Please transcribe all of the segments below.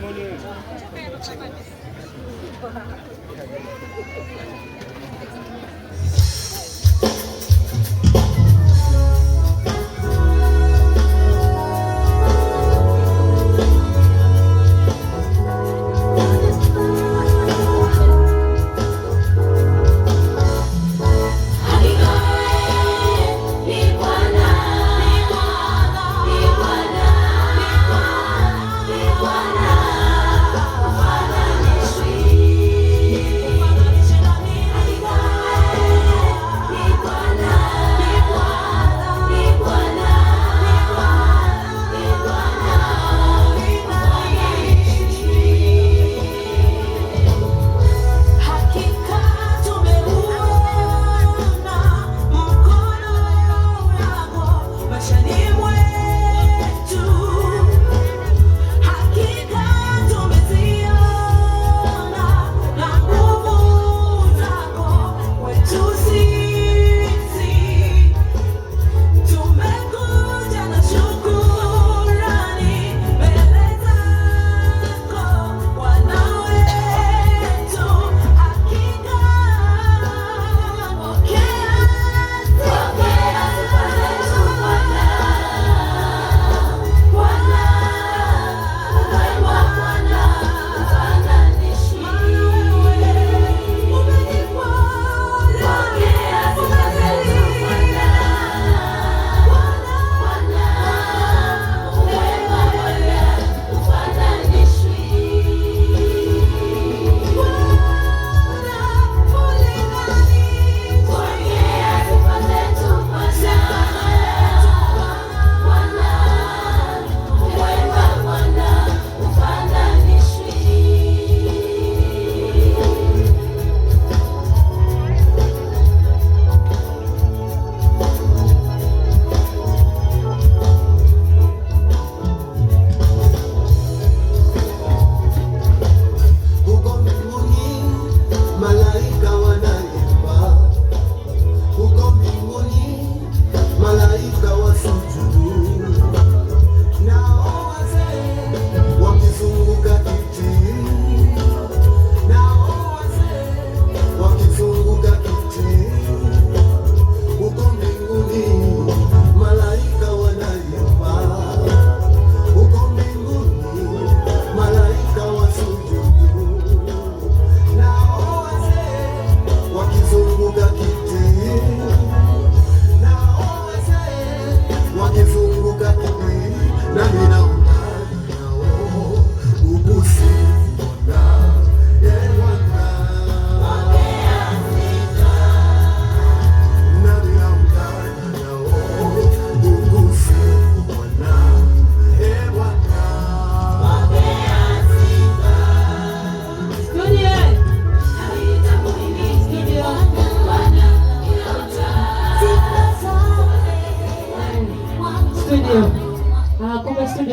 この匂い。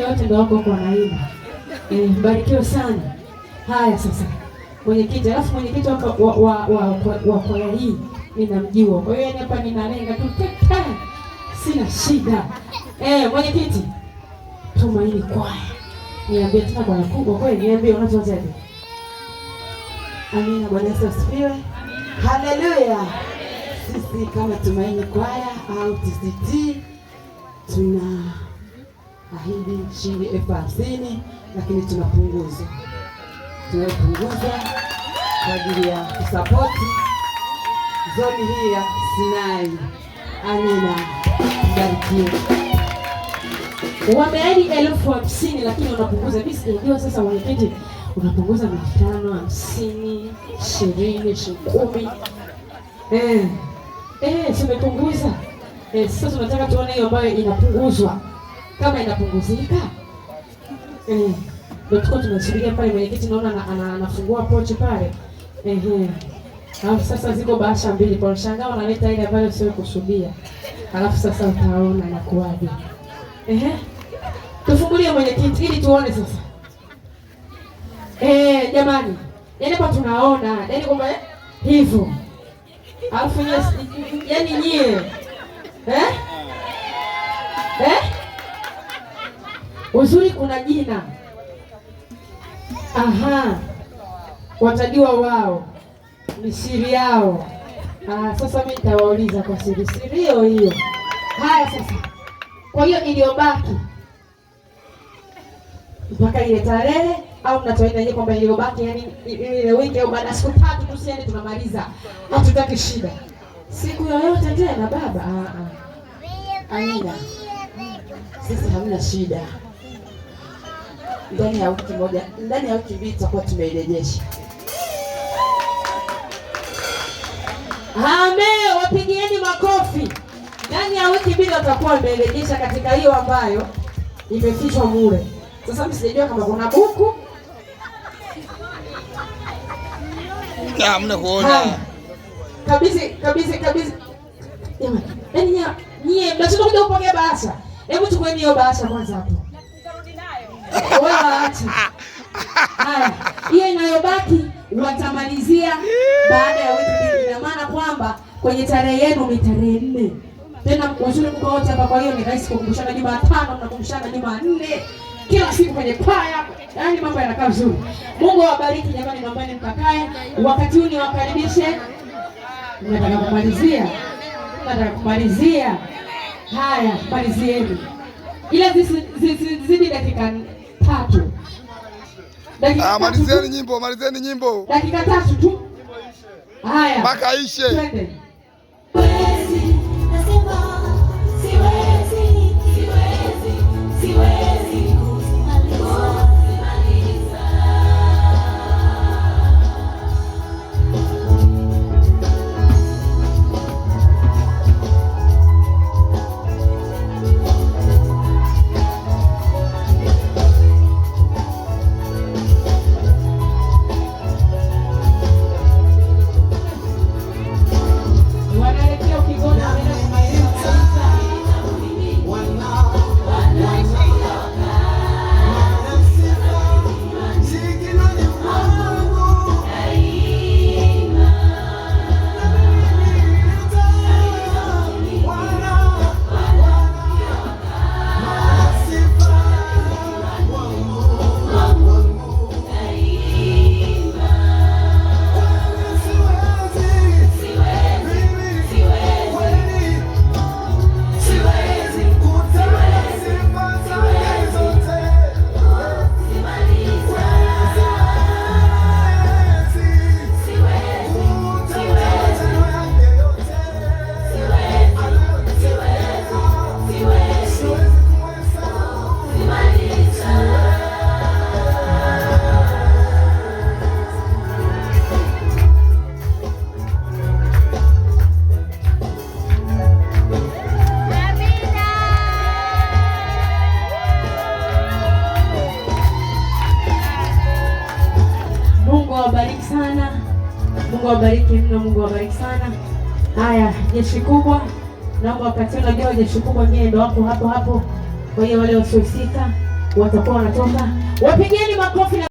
yote wote ndio wako kwa naima. Eh, mbarikiwe sana. Haya sasa. Mwenyekiti, alafu mwenyekiti wa wa wa, wa, kwaya hii ninamjua. Kwa hiyo hapa ninalenga tu tata. Sina shida. Eh, mwenyekiti. Tumaini kwaya. Niambie tena kwa kubwa kweli, niambie unachozaje. Amina, Bwana Yesu asifiwe. Haleluya. Sisi kama Tumaini kwaya au TCT tuna ahidi shilingi elfu hamsini lakini tunapunguza tunapunguza kwa ajili ya kusapoti zoni hii ya Sinai. Amina, barikiwe. Wameahidi elfu hamsini lakini unapunguza Mimi sasa, mwenyekiti, unapunguza mia tano, hamsini, ishirini, kumi. Eh, eh, tumepunguza. Eh, sasa tunataka tuone hiyo ambayo inapunguzwa kama inapunguzika eh, ndio tuko tunasubiria pale. Mwenyekiti naona anafungua pochi pale eh, Alafu sasa ziko bahasha mbili, kwa mshangao wanaleta ile ambayo sio kusudia, alafu sasa utaona inakuwaje. Ehe, tufungulie mwenyekiti ili tuone sasa. Eh, jamani, yaani kwa tunaona yani kwamba eh, hivyo, alafu yani nyie eh Uzuri kuna jina. Aha, watajua wao ni siri yao. Ah, sasa mimi nitawauliza kwa siri siri hiyo. Haya sasa, kwa hiyo iliyobaki mpaka ile tarehe au mnatoenda nje kwamba iliyobaki, yani ile wiki au baada siku tatu tu, siende tunamaliza, hatutaki shida siku yoyote tena baba. Ah, ah, aina sisi hamna shida ndani ya wiki moja, ndani ya wiki mbili tutakuwa tumeirejesha. Amen, wapigieni makofi. Ndani ya wiki mbili watakuwa wameirejesha katika hiyo ambayo imefichwa mure. Sasa mimi sijajua kama kuna buku ah, kuona. kabisa kabisa kabisa. Yaani nyie mnashinda kuja kupokea bahasha. Hebu tukueni hiyo bahasha kwanza hapo wala Haya, hiyo inayobaki watamalizia baada ya wiki mbili, na maana kwamba kwenye tarehe yenu ni tarehe nne tena wazuri mko wote hapa. Kwa hiyo ni rahisi kukumbushana, Jumatano mnakumbushana nne kila siku kwenye paya, yaani mambo yanakaa vizuri. Mungu awabariki jamani, naombeni mkakae. Wakati huu niwakaribishe, nataka kumalizia, nataka kumalizia. Haya, malizieni ila zizidi dakika Ah, malizeni nyimbo, malizeni nyimbo. Dakika tatu tu. Haya. Mpaka ishe. Twende. Mungu awabariki mno, Mungu awabariki sana. Haya, jeshi kubwa, naomba wakati unajua jeshi kubwa mie ndo wako hapo hapo. Kwa hiyo wale wasiofika watakuwa wanatoka, wapigeni makofi na